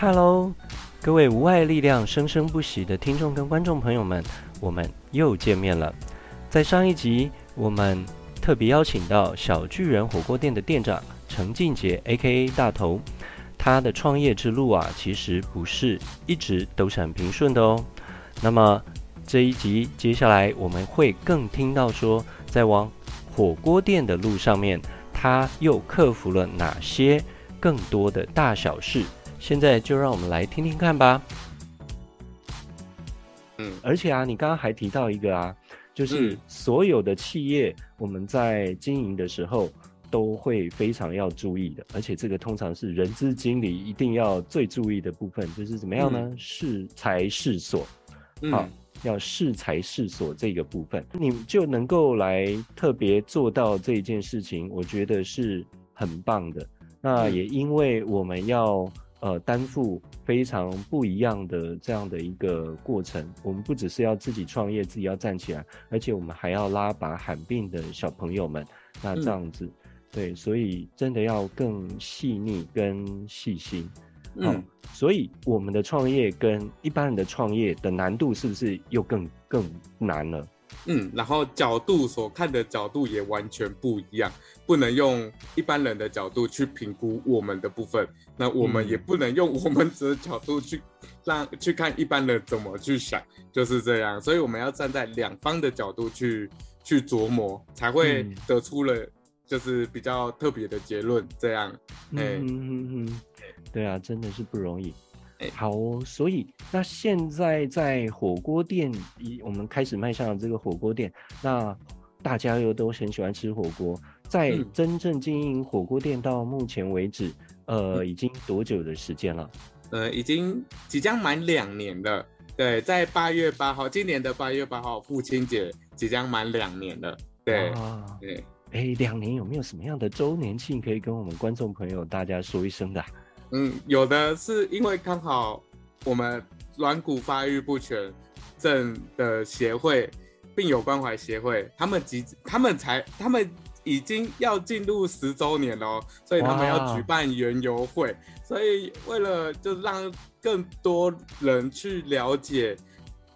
哈囉，Hello, 各位無礙力量生生不息的聽眾跟觀眾朋友們，我們又見面了。在上一集，我們特別邀請到小聚人火鍋店的店長程勁捷 （A.K.A. 大頭），他的創業之路啊，其實不是一直都是很平順的哦。那麼這一集接下來我們會更聽到說，在往火鍋店的路上面，他又克服了哪些更多的大小事？現在就讓我們來聽聽看吧。嗯，而且啊，你剛剛還提到一個啊，就是所有的企業我們在經營的時候都會非常要注意的，而且這個通常是人資經理一定要最注意的部分，就是怎麼樣呢？適才適所，好，要適才適所這個部分，你就能夠來特別做到這件事情，我覺得是很棒的。那也因為我們要。呃，擔負非常不一樣的這樣的一個過程，我們不只是要自己創業，自己要站起來，而且我們還要拉拔罕病的小朋友們，那這樣子，嗯、對，所以真的要更細膩、跟細心。嗯、哦，所以我們的創業跟一般人的創業的難度，是不是又更更難了？嗯，然後角度所看的角度也完全不一樣，不能用一般人的角度去評估我們的部分，那我們也不能用我們這角度去讓、嗯、去看一般人怎麼去想，就是這樣。所以我們要站在兩方的角度去去琢磨，才會得出了就是比較特別的結論。這樣，嗯、哎、嗯，對啊，真的是不容易。欸、好、哦，所以那現在在火鍋店，我們開始邁向這個火鍋店，那大家又都很喜歡吃火鍋。在真正經營火鍋店到目前為止，嗯、呃，已經多久的時間了？呃，已經即將滿兩年了。對，在八月八號，今年的八月八號父親節即將滿兩年了。對，哇對，哎、欸，兩年有沒有什麼樣的周年慶可以跟我們觀眾朋友大家說一聲的？嗯，有的是，因為剛好我們軟骨發育不全症的協會，病友關懷協會，他們即他們才他們已經要進入十周年了，所以他們要舉辦園遊會，Wow. 所以為了就讓更多人去了解，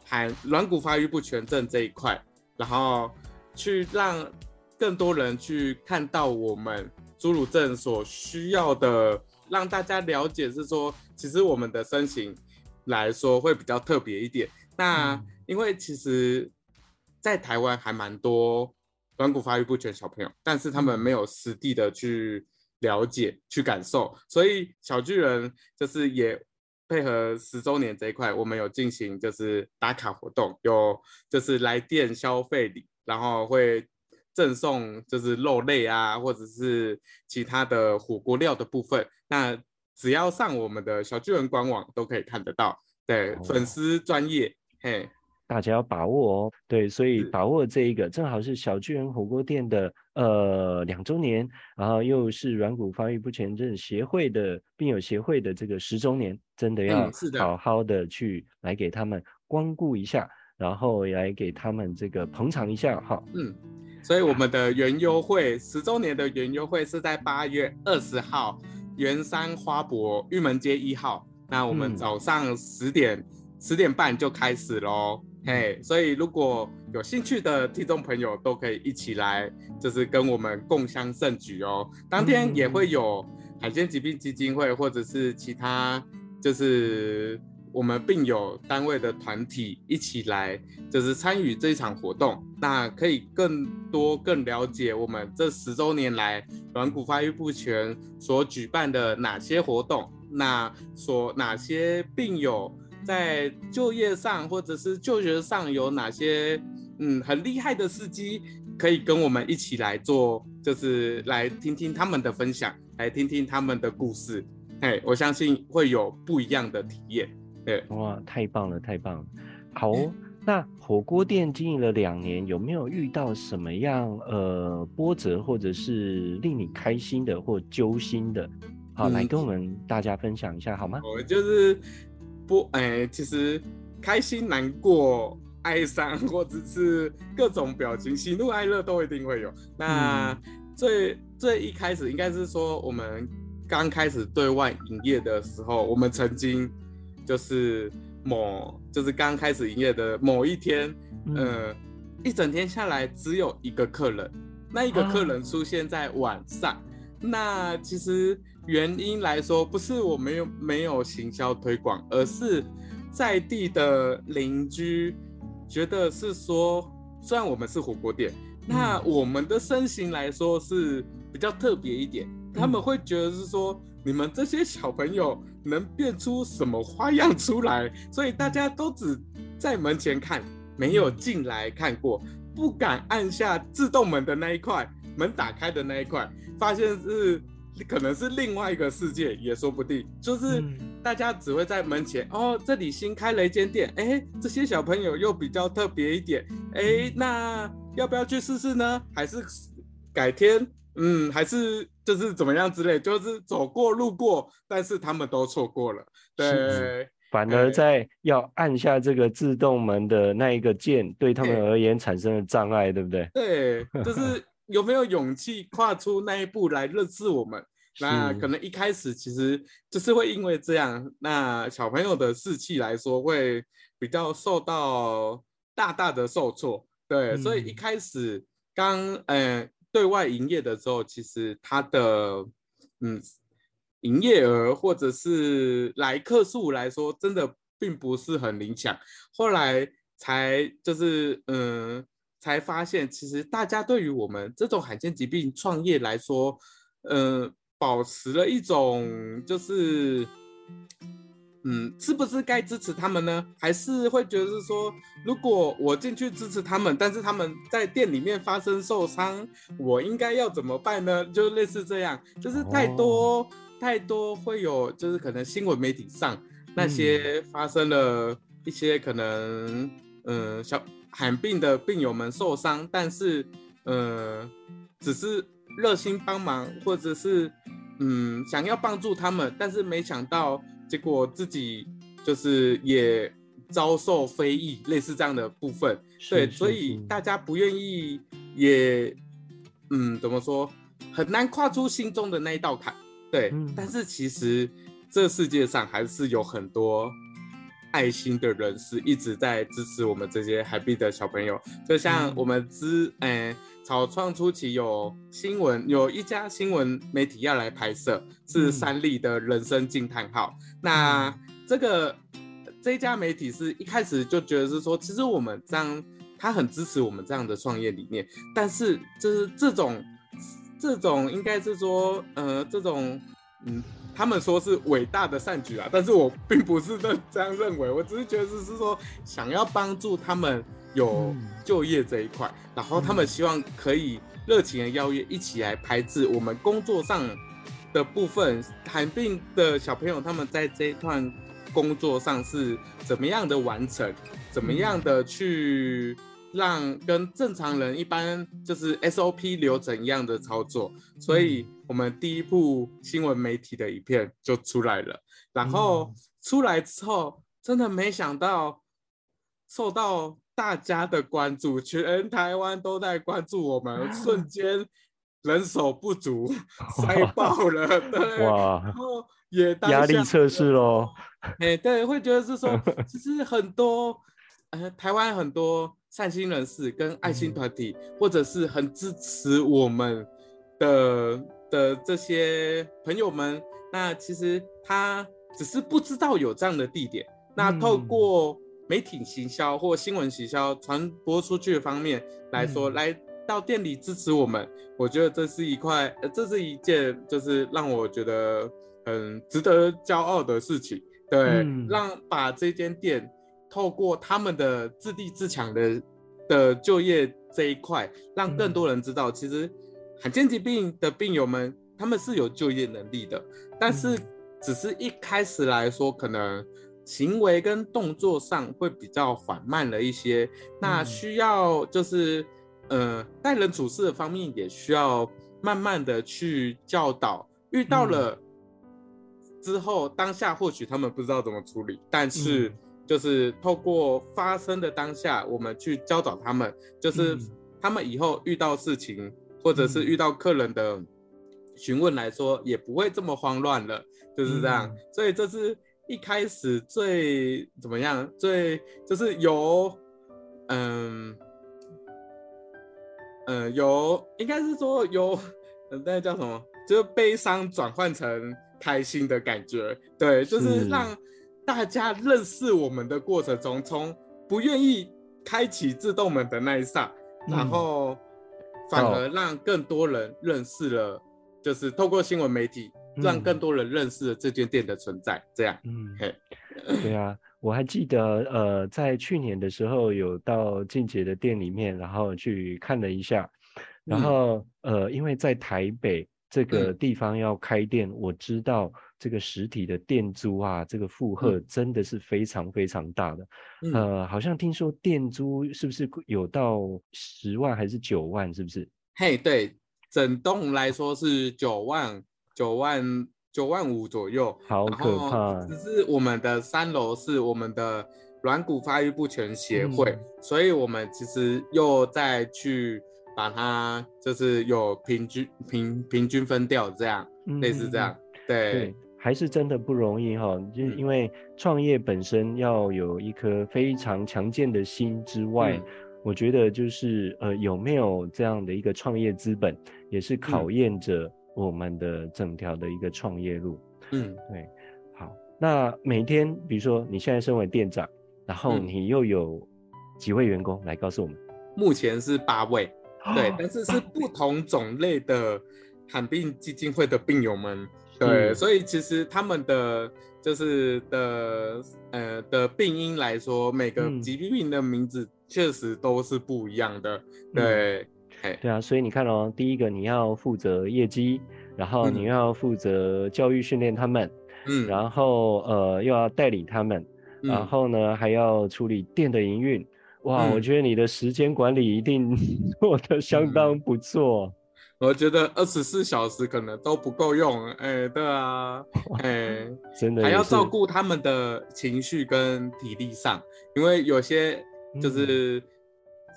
含軟骨發育不全症這一塊，然後去讓更多人去看到我們侏儒症所需要的。讓大家了解是說，其實我們的身形來說會比較特別一點。那因為其實在台灣還蠻多軟骨發育不全小朋友，但是他們沒有實地的去了解、去感受，所以小聚人就是也配合十周年這一塊，我們有進行就是打卡活動，有就是來店消費禮，然後會。贈送就是肉類啊，或者是其他的火鍋料的部分，那只要上我們的小聚人官網都可以看得到。對，哦、粉絲專頁，嘿，大家要把握哦。對，所以把握這一個，是正好是小聚人火鍋店的呃兩周年，然後又是軟骨發育不全症協會的病友協會的這個十周年，真的要好好的去來給他們光顧一下。哎然後來給他們這個捧場一下哈，嗯，所以我們的園遊會十、啊、周年的園遊會是在八月二十號，圓山花博玉門街一號，那我們早上十點十點半就開始嘍，嗯、嘿，所以如果有興趣的聽眾朋友都可以一起來，就是跟我們共襄盛舉哦。當天也會有海鮮疾病基金會或者是其他就是。我們病友單位的團體一起來，就是參與這一場活動，那可以更多更了解我們這十週年來軟骨發育不全所舉辦的哪些活動，那所哪些病友在就業上或者是就學上有哪些嗯很厲害的司機可以跟我們一起來做，就是來聽聽他們的分享，來聽聽他們的故事，嘿，hey，我相信會有不一樣的體驗。對哇，太棒了，太棒了，好哦。欸、那火鍋店經營了兩年，有沒有遇到什麼樣呃波折，或者是令你開心的或揪心的？好，來跟我們大家分享一下，嗯、好嗎？我就是不，哎，欸，其實開心、難過、哀傷，或者是各種表情，喜怒哀樂都一定會有。那最最一開始，應該是說我們剛開始對外營業的時候，我們曾經，就是某，就是剛開始營業的某一天，嗯、呃，一整天下來只有一個客人，那一個客人出現在晚上。啊、那其實原因來說，不是我沒有沒有行銷推廣，而是在地的鄰居覺得是說，雖然我們是火鍋店，嗯、那我們的身形來說是比較特別一點。他們會覺得是說，你們這些小朋友能變出什麼花樣出來，所以大家都只在門前看，沒有進來看過，不敢按下自動門的那一塊，門打開的那一塊，發現是可能是另外一個世界也說不定。就是大家只會在門前哦，這裡新開了一間店，哎、欸，這些小朋友又比較特別一點，哎、欸，那要不要去試試呢？還是改天？嗯，還是。就是怎麼樣之類，就是走過路過，但是他們都錯過了，對。反而在、欸、要按下這個自動門的那一個鍵，對他們而言產生了障礙，欸、對不對？對，就是有沒有勇氣跨出那一步來認識我們？ 那可能一開始其實就是會因為這樣，那小朋友的士氣來說會比較受到大大的受挫，對。嗯、所以一開始剛嗯。欸對外營業的時候，其實它的嗯，營業額或者是來客數來說，真的並不是很理想。後來才就是嗯、呃，才發現其實大家對於我們這種罕見疾病創業來說，嗯、呃，保持了一種就是。嗯，是不是該支持他們呢？還是會覺得說，如果我進去支持他們，但是他們在店裡面發生受傷，我應該要怎麼辦呢？就類似這樣，就是太多、哦、太多會有，就是可能新聞媒體上那些發生了一些可能，嗯，嗯，小罕病的病友們受傷，但是，嗯，只是熱心幫忙或者是嗯想要幫助他們，但是沒想到。結果自己就是也遭受非議，類似這樣的部分，是對，是所以大家不願意，也，嗯，怎麼說，很難跨出心中的那一道坎，對。嗯、但是其實這世界上還是有很多。愛心的人士一直在支持我們這些海幣的小朋友，就像我們之，嗯，誒，草創初期有新聞，有一家新聞媒體要來拍攝，是三立的人生驚嘆號。嗯，那這個這一家媒體是一開始就覺得是說，其實我們這樣，他很支持我們這樣的創業理念，但是就是這種這種，應該是說，呃，這種，嗯。他們說是偉大的善舉啊，但是我並不是這這樣認為，我只是覺得是說想要幫助他們有就業這一塊，然後他們希望可以熱情的邀約一起來拍攝我們工作上的部分，罕病的小朋友他們在這一段工作上是怎麼樣的完成，怎麼樣的去。讓跟正常人一般就是 SOP 流程一樣的操作，所以我們第一部新聞媒體的影片就出來了。然後出來之後，真的沒想到受到大家的關注，全台灣都在關注我們，瞬間人手不足，塞爆了，哇，然後也壓力測試咯。哎，對，會覺得是說，其實很多。呃，台灣很多善心人士、跟愛心團體，或者是很支持我們的、嗯、的、的這些朋友們，那其實他只是不知道有這樣的地點。嗯、那透過媒體行銷或新聞行銷傳播出去的方面來說，嗯、來到店裡支持我們，嗯、我覺得這是一塊、呃，這是一件就是讓我覺得很值得驕傲的事情。對，嗯、讓把這間店。透過他們的自立自強的的就業這一塊，讓更多人知道，嗯、其實罕見疾病的病友們，他們是有就業能力的，但是，嗯、只是一開始來說，可能行為跟動作上會比較緩慢了一些，嗯、那需要就是呃待人處事的方面，也需要慢慢的去教導。遇到了之後，嗯、當下或許他們不知道怎麼處理，但是，嗯就是透過發生的當下，我們去教導他們，就是他們以後遇到事情，嗯、或者是遇到客人的詢問來說，嗯、也不會這麼慌亂了，就是這樣。嗯、所以這是一開始最怎麼樣，最就是由，嗯，呃、嗯，由應該是說由，那叫什麼？就是悲傷轉換成開心的感覺，對，就是讓。是大家認識我們的過程中，從不願意開啟自動門的那一剎，然後反而讓更多人認識了，嗯、就是透過新聞媒體，讓更多人認識了這間店的存在。嗯、這樣，嗯，嘿對啊，我還記得，呃，在去年的時候有到勁捷的店裡面，然後去看了一下，然後，嗯、呃，因為在台北這個地方要開店，嗯、我知道。這個實體的店租啊，這個負荷真的是非常非常大的。嗯、呃，好像聽說店租是不是有到十萬還是九萬？是不是？嘿，hey, 對，整棟來說是九萬九萬九萬五左右。好可怕！只是我們的三樓是我們的軟骨發育不全協會，嗯、所以我們其實又再去把它就是有平均平平均分掉，這樣、嗯、類似這樣，對。嗯還是真的不容易哈，就是因為創業本身要有一顆非常強健的心之外，嗯、我覺得就是呃有沒有這樣的一個創業資本，也是考驗着我們的整條的一個創業路。嗯，對，好，那每天比如說你現在身為店長，然後你又有幾位員工、嗯、來告訴我們？目前是八位，哦、對，但是是不同種類的罕病基金會的病友們。對，嗯、所以其實他們的就是的，呃的病因來說，每個疾病的名字確實都是不一樣的。嗯、對，嘿對啊，所以你看哦、喔，第一個你要負責業績，然後你要負責教育訓練他們，嗯，然後呃又要帶領他們，嗯、然後呢還要處理店的營運。嗯、哇，我覺得你的時間管理一定做得相當不錯。嗯嗯我覺得二十四小時可能都不夠用，哎、欸，對啊，哎、欸， 真的還要照顧他們的情緒跟體力上，因為有些就是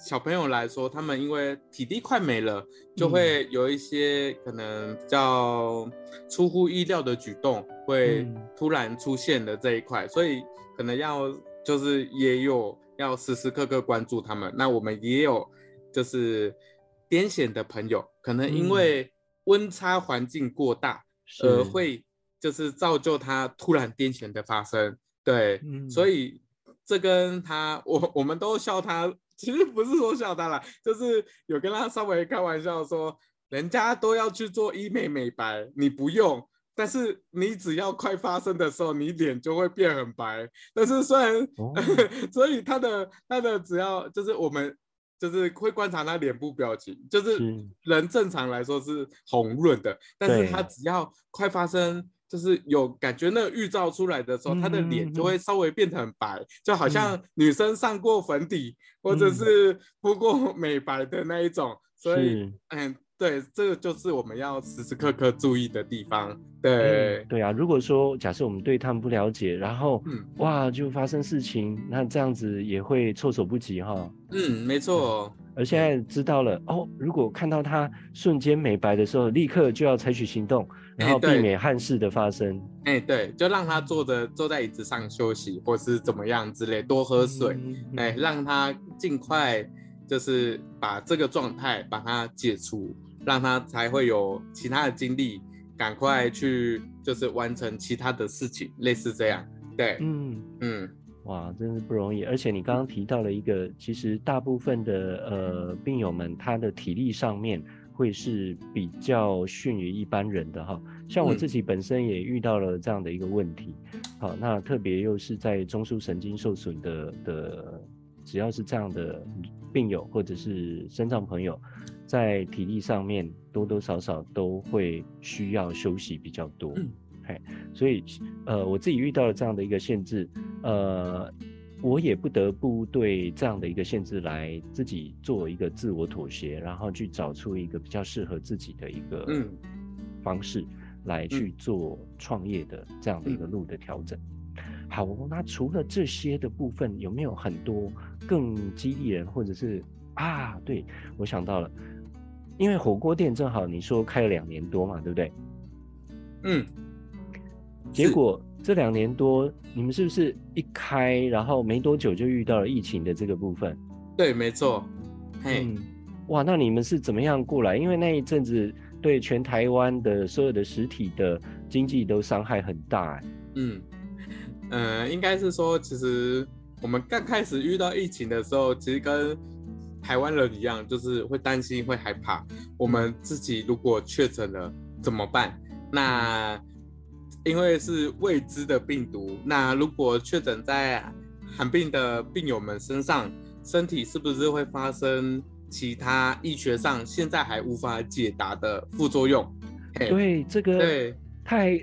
小朋友來說，嗯、他們因為體力快沒了，就會有一些可能比較出乎意料的舉動，會突然出現的這一塊，所以可能要就是也有要時時刻刻關注他們。那我們也有就是癲癇的朋友。可能因為溫差環境過大，嗯、而會就是造就它突然癲癇的發生。對，嗯、所以這跟他我我們都笑他，其實不是說笑他啦，就是有跟他稍微開玩笑說，人家都要去做醫美美白，你不用，但是你只要快發生的時候，你臉就會變很白。但是雖然，哦、 所以他的他的只要就是我們。就是會觀察他臉部表情，就是人正常來說是紅潤的，是但是他只要快發生，就是有感覺那個預兆出來的時候，對他的臉就會稍微變得很白，嗯、就好像女生上過粉底、嗯、或者是敷過美白的那一種，嗯、所以是嗯。對，這個就是我們要時時刻刻注意的地方。對，嗯、對啊。如果說假設我們對他們不了解，然後、嗯、哇，就發生事情，那這樣子也會措手不及哈、哦。嗯，沒錯。嗯、而現在知道了、嗯、哦，如果看到他瞬間美白的時候，立刻就要採取行動，然後避免憾事的發生。哎，對，就讓他坐着，坐在椅子上休息，或是怎麼樣之類，多喝水，嗯嗯、哎，讓他儘快就是把這個狀態把它解除。讓他才會有其他的精力，趕快去就是完成其他的事情，類似這樣，對，嗯嗯，嗯，哇，真是不容易。而且你剛剛提到了一個，其實大部分的呃病友們，他的體力上面會是比較遜於一般人的哈。像我自己本身也遇到了這樣的一個問題，嗯、好，那特別又是在中樞神經受損的的，只要是這樣的病友或者是身障朋友，在體力上面，多多少少都會需要休息比較多，嗯、嘿，所以，呃，我自己遇到了這樣的一個限制，呃，我也不得不對這樣的一個限制來自己做一個自我妥協，然後去找出一個比較適合自己的一個方式來去做創業的這樣的一個路的調整。嗯、好，那除了這些的部分，有沒有很多更激勵人，或者是啊，對，我想到了。因為火鍋店正好你說開了兩年多嘛，對不對？嗯。結果是這兩年多，你們是不是一開，然後沒多久就遇到了疫情的這個部分？對，沒錯。嗯、嘿，哇，那你們是怎麼樣過來？因為那一陣子對全台灣的所有的實體的經濟都傷害很大。嗯，呃，應該是說，其實我們剛開始遇到疫情的時候，其實跟台灣人一樣，就是會擔心、會害怕。我們自己如果確診了怎麼辦？那因為是未知的病毒，那如果確診在罕病的病友們身上，身體是不是會發生其他醫學上現在還無法解答的副作用？對，這個對，太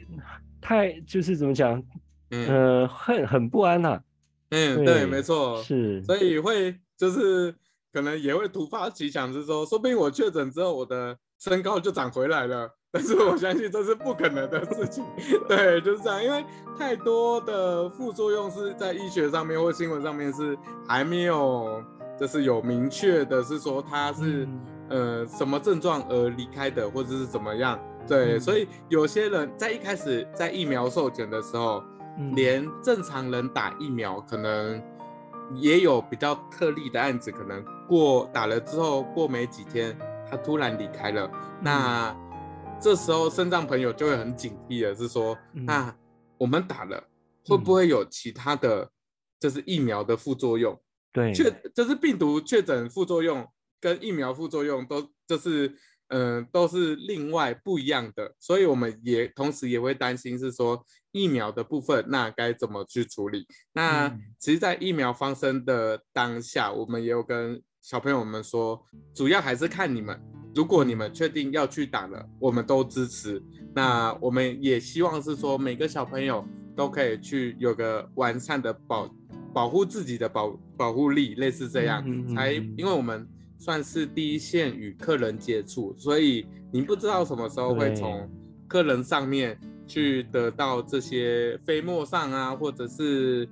太就是怎麼講？嗯，呃、很很不安吶、啊。嗯，對，對沒錯，是，所以會就是。可能也會突發奇想是說，說不定我確診之後，我的身高就長回來了。但是我相信這是不可能的事情， 對，就是這樣，因為太多的副作用是在醫學上面或新聞上面是還沒有，就是有明確的是說它是，嗯、呃什麼症狀而離開的，或者是怎麼樣，對，嗯、所以有些人在一開始在疫苗受檢的時候，嗯、連正常人打疫苗可能也有比較特例的案子可能，過打了之後，過沒幾天，他突然離開了。嗯、那這時候身障朋友就會很警惕的是說，嗯、那我們打了會不會有其他的？就是疫苗的副作用，對，確就是病毒確診副作用跟疫苗副作用都，就是嗯、呃、都是另外不一樣的。所以我們也同時也會擔心，是說疫苗的部分，那該怎麼去處理？嗯、那其實，在疫苗發生的當下，我們也有跟。小朋友們說，主要還是看你們。如果你們確定要去打了，我們都支持。那我們也希望是說，每個小朋友都可以去有個完善的保保護自己的保保護力，類似這樣。嗯嗯嗯才，因為我們算是第一線與客人接觸，所以你不知道什麼時候會從客人上面去得到這些飛沫上啊，或者是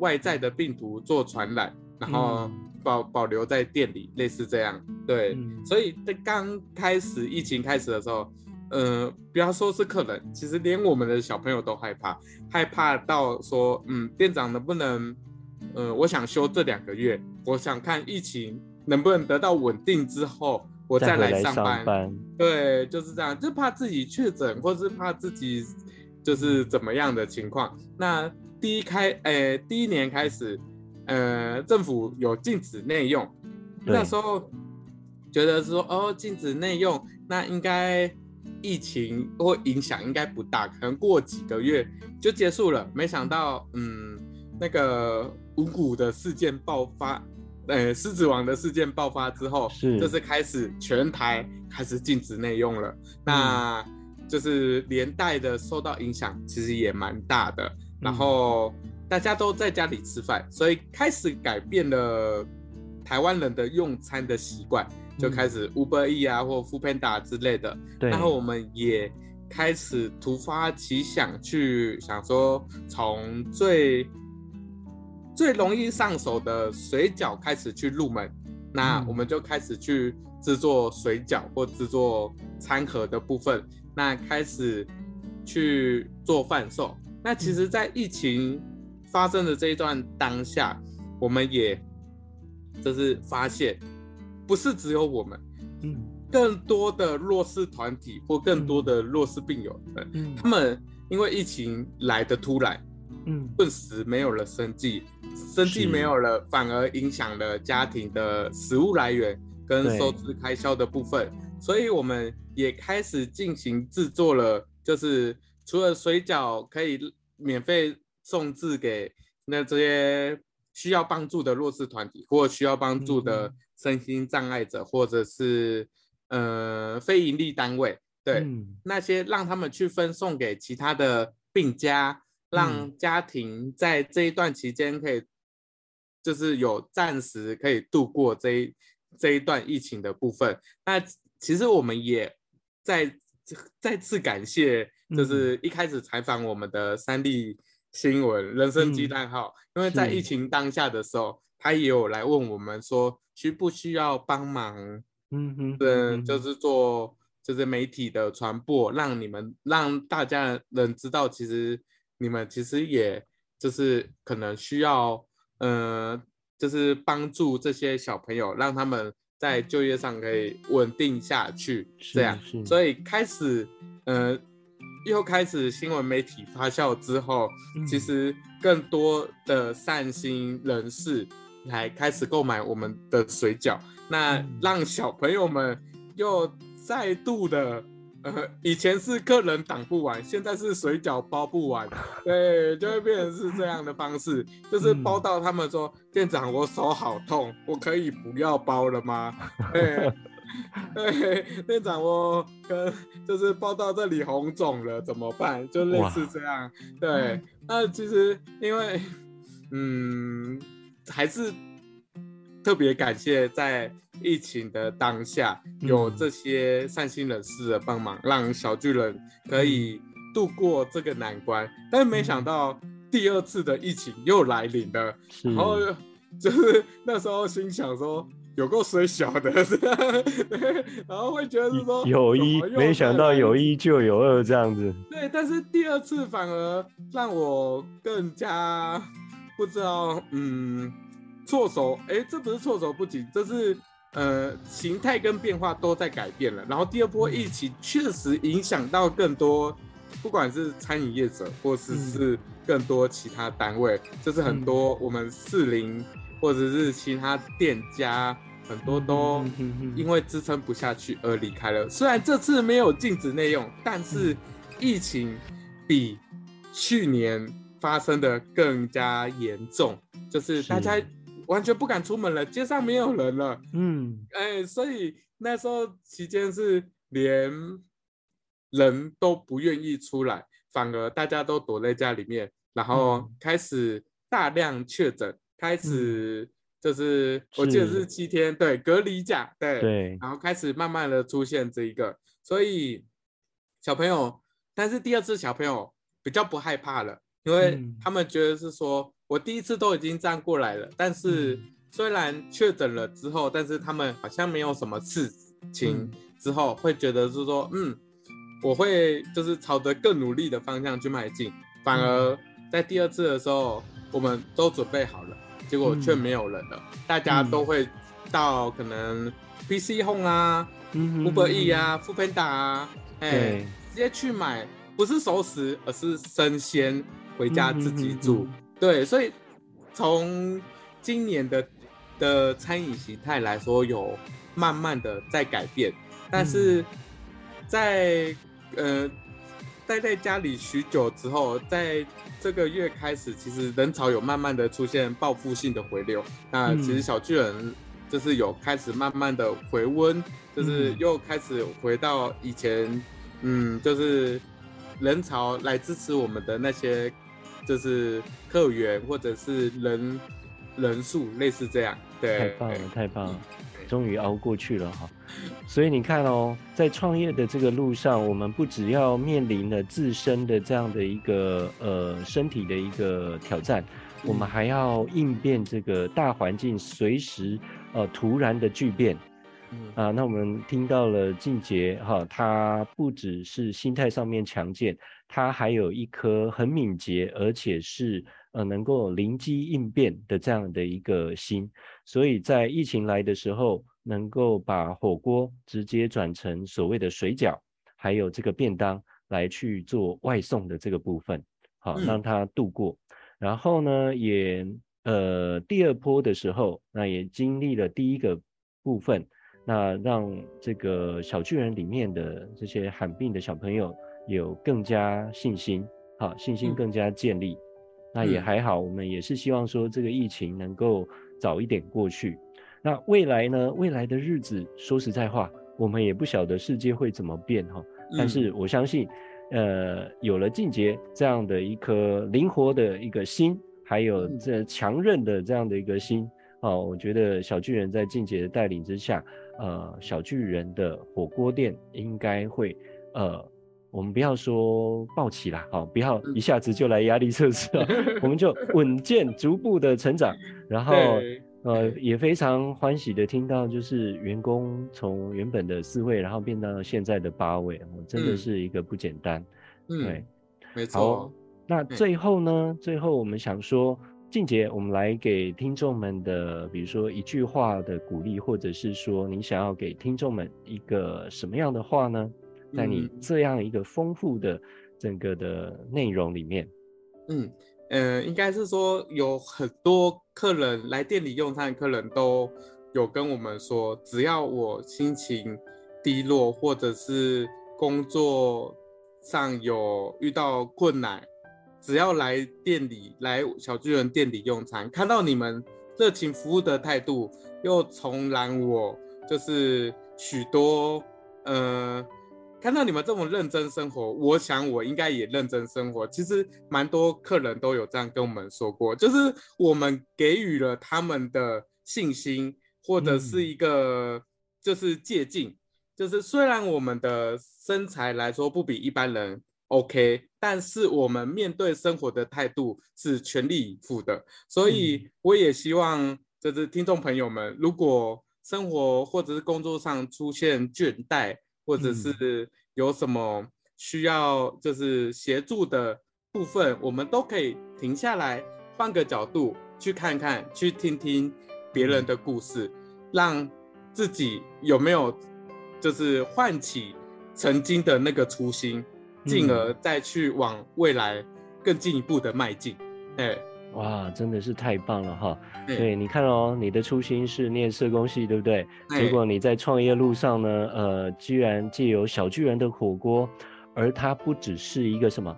外在的病毒做傳染。然後保、嗯、保留在店裡，類似這樣，對，嗯、所以在剛開始疫情開始的時候，呃，不要說是客人，其實連我們的小朋友都害怕，害怕到說，嗯，店長能不能，呃，我想休這兩個月，我想看疫情能不能得到穩定之後，我再來上班，上班對，就是這樣，就怕自己確診，或是怕自己就是怎麼樣的情況。嗯、那第一開，哎，第一年開始。嗯呃，政府有禁止內用，對那時候覺得說哦，禁止內用，那應該疫情或影響應該不大，可能過幾個月就結束了。沒想到，嗯，那個五谷的事件爆發，呃，獅子王的事件爆發之後，是就是開始全台開始禁止內用了，嗯、那就是連帶的受到影響，其實也蠻大的，嗯、然後。大家都在家裡吃飯，所以開始改變了台灣人的用餐的習慣，就開始 Uber E、嗯、啊或 Foodpanda 之類的。對然後我們也開始突發奇想去，去想說從最最容易上手的水餃開始去入門，那我們就開始去制作水餃或制作餐盒的部分，那開始去做販售。那其實，在疫情。嗯發生的這一段當下，我們也就是發現，不是只有我們，嗯，更多的弱勢團體或更多的弱勢病友們，嗯，他們因為疫情來的突然，嗯，頓時沒有了生計，是生計沒有了，反而影響了家庭的食物來源跟收支開銷的部分，對所以我們也開始進行制作了，就是除了水餃可以免費。送至給，那這些需要幫助的弱勢團體，或需要幫助的身心障礙者，嗯嗯、或者是呃非營利單位，對、嗯、那些讓他們去分送給其他的病家，讓家庭在這一段期間可以、嗯、就是有暫時可以度過這一這一段疫情的部分。那其實我們也再再次感謝，就是一開始採訪我們的三立新聞人生雞蛋號，嗯、因為在疫情當下的時候，是他也有來問我們說，需不需要幫忙？嗯哼是、嗯，就是做這些媒體的傳播，讓你們讓大家能知道，其實你們其實也就是可能需要，呃，就是幫助這些小朋友，讓他們在就業上可以穩定下去。這樣，所以開始，呃。又開始新聞媒體發酵之後，嗯、其實更多的善心人士來開始購買我們的水餃，那讓小朋友們又再度的，呃，以前是客人擋不完，現在是水餃包不完， 對，就會變成是這樣的方式，就是包到他們說、嗯、店長，我手好痛，我可以不要包了嗎？對 對，店長，我跟就是包到這裡紅腫了，怎麼辦？就類似這樣。哇對，那、嗯、其實因為，嗯，還是特別感謝在疫情的當下，有這些善心人士的幫忙，嗯、讓小聚人可以度過這個難關。嗯、但沒想到第二次的疫情又來臨了，是然後就是那時候心想說。有夠衰小的，是然後會覺得說有一麼沒想到有一就有二這樣子。對，但是第二次反而讓我更加不知道，嗯，措手哎、欸，這不是措手不及，這是呃，形態跟變化都在改變了。然後第二波疫情確實影響到更多，嗯、不管是餐飲業者或是是更多其他單位，嗯、就是很多我們士林或者是其他店家。很多都因為支撐不下去而離開了。雖然這次沒有禁止內用，但是疫情比去年發生的更加嚴重，就是大家完全不敢出門了，是街上沒有人了。嗯，哎、欸，所以那時候期間是連人都不願意出來，反而大家都躲在家裡面，然後開始大量確診，開始、嗯。就是我記得是七天，是對，隔離假，對對，然後開始慢慢的出現這一個，所以小朋友，但是第二次小朋友比較不害怕了，因為他們覺得是說、嗯、我第一次都已經站過來了，但是雖然確診了之後，但是他們好像沒有什麼事情之後，嗯、會覺得是說，嗯，我會就是朝着更努力的方向去邁進，反而在第二次的時候，我們都準備好了。結果卻沒有人了，嗯、大家都會到可能 PC Home 啊、嗯、哼哼哼 Uber E 啊、Foodpanda 啊，哎對、欸，直接去買，不是熟食，而是生鮮，回家自己煮。嗯、哼哼哼對，所以從今年的的餐飲形態來說，有慢慢的在改變，但是在、嗯、呃。待在家裡許久之後，在這個月開始，其實人潮有慢慢的出現報復性的回流。那其實小聚人就是有開始慢慢的回溫，就是又開始回到以前，嗯，嗯，就是人潮來支持我們的那些，就是客源或者是人人數類似這樣。對，太棒了，欸、太棒了。終於熬過去了哈，所以你看哦，在創業的這個路上，我們不只要面臨了自身的這樣的一個呃身體的一個挑戰，我們還要應變這個大環境隨時呃突然的巨變啊。那我們聽到了勁捷哈，他不只是心態上面強健。他還有一顆很敏捷，而且是呃能夠靈機應變的這樣的一個心，所以在疫情來的時候，能夠把火鍋直接轉成所謂的水餃，還有這個便當來去做外送的這個部分，好讓他度過。嗯、然後呢，也呃第二波的時候，那也經歷了第一個部分，那讓這個小聚人裡面的這些罕病的小朋友。有更加信心，好、啊，信心更加建立，嗯、那也還好。嗯、我們也是希望說，這個疫情能夠早一點過去。那未來呢？未來的日子，說實在話，我們也不曉得世界會怎麼變哈。啊嗯、但是我相信，呃，有了勁捷這樣的一顆靈活的一個心，還有這強韌的這樣的一個心，哦、啊，我覺得小聚人，在勁捷的帶領之下，呃，小聚人的火鍋店應該會，呃。我們不要說爆起了，好、哦，不要一下子就來壓力測試，嗯、 我們就穩健逐步的成長。然後，對呃，也非常歡喜的聽到，就是員工從原本的四位，然後變到了現在的八位、嗯，真的是一個不簡單。嗯，對，沒錯。那最後呢？對最後我們想說，勁捷，我們來給聽眾們的，比如說一句話的鼓勵，或者是說你想要給聽眾們一個什麼樣的話呢？在你這樣一個豐富的整個的內容裡面，嗯，呃，應該是說有很多客人來店裡用餐，客人都有跟我們說，只要我心情低落，或者是工作上有遇到困難，只要來店裡來小聚人店裡用餐，看到你們熱情服務的態度，又重燃我就是許多呃。看到你們這麼認真生活，我想我應該也認真生活。其實蠻多客人都有這樣跟我們說過，就是我們給予了他們的信心，或者是一個就是借鏡。嗯、就是雖然我們的身材來說不比一般人 OK，但是我們面對生活的態度是全力以赴的。所以我也希望就是聽眾朋友們，如果生活或者是工作上出現倦怠，或者是有什麼需要，就是協助的部分，嗯、我們都可以停下來，換個角度去看看，去聽聽別人的故事，嗯、讓自己有沒有就是喚起曾經的那個初心，進、嗯、而再去往未來更進一步的邁進，哎。哇，真的是太棒了哈！對，對你看哦，你的初心是念社工系，對不對？哎、結果你在創業路上呢，呃，居然借由小聚人的火鍋，而它不只是一個什麼，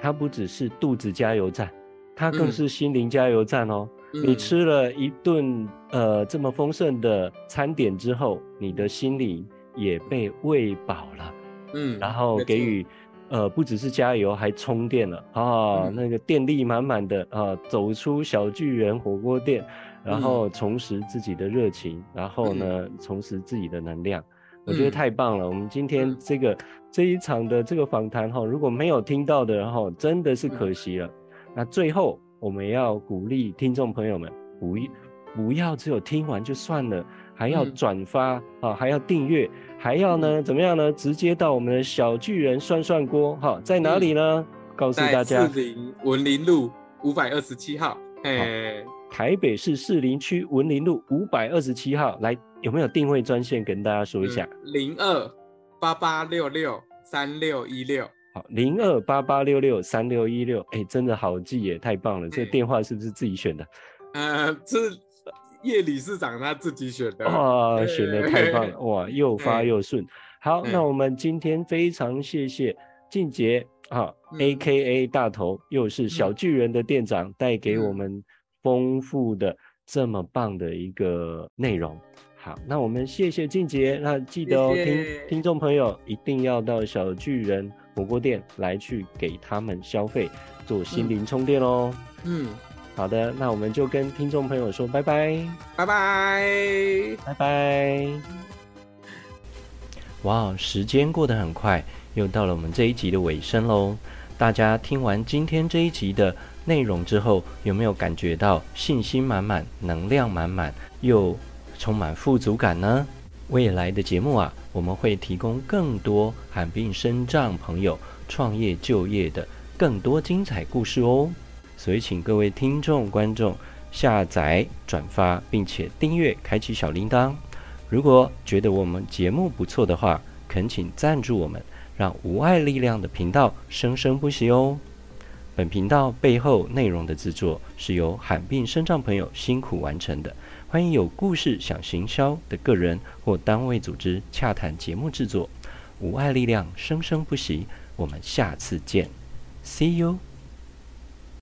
它不只是肚子加油站，它更是心靈加油站哦。嗯、你吃了一頓呃這麼豐盛的餐點之後，你的心靈也被餵飽了，嗯，然後給予。呃，不只是加油，還充電了啊！嗯、那個電力滿滿的啊，走出小聚人火鍋店，然後重拾自己的熱情，嗯、然後呢，重拾自己的能量，嗯、我覺得太棒了。我們今天這個、嗯、這一場的這個訪談哈，如果沒有聽到的人哈，真的是可惜了。嗯、那最後我們要鼓勵聽眾朋友們，不要不要只有聽完就算了。還要轉發、嗯、啊，還要訂閱，還要呢？嗯、怎麼樣呢？直接到我們的小聚人涮涮鍋哈，在哪裡呢？嗯、告訴大家，士林文林路五百二十七號、欸，台北市士林區文林路五百二十七號，來有沒有定位專線跟大家說一下？零二八八六六三六一六，16，好，零二八八六六三六一六，哎，真的好記也太棒了！這個、欸、電話是不是自己選的？呃這葉理事長他自己選的哇，選的太棒了哇，又發又順。好，那我們今天非常謝謝勁捷啊，A K A 大頭，又是小聚人的店長，帶給我們豐富的這麼棒的一個內容。好，那我們謝謝勁捷，那記得哦，聽聽眾朋友一定要到小聚人火鍋店來去給他們消費，做心靈充電哦。嗯。好的，那我們就跟聽眾朋友說拜拜，拜拜，拜拜。哇，時間過得很快，又到了我們這一集的尾聲嘍。大家聽完今天這一集的內容之後，有沒有感覺到信心滿滿、能量滿滿，又充滿富足感呢？未來的節目啊，我們會提供更多罕病身障朋友創業就業的更多精彩故事哦。所以，請各位聽眾、觀眾下載、轉發，並且訂閱、開啟小鈴鐺。如果覺得我們節目不錯的話，懇請贊助我們，讓無愛力量的頻道生生不息哦。本頻道背後內容的製作是由罕病身障朋友辛苦完成的，歡迎有故事想行銷的個人或單位組織洽談節目製作。無礙力量生生不息，我們下次見，See you。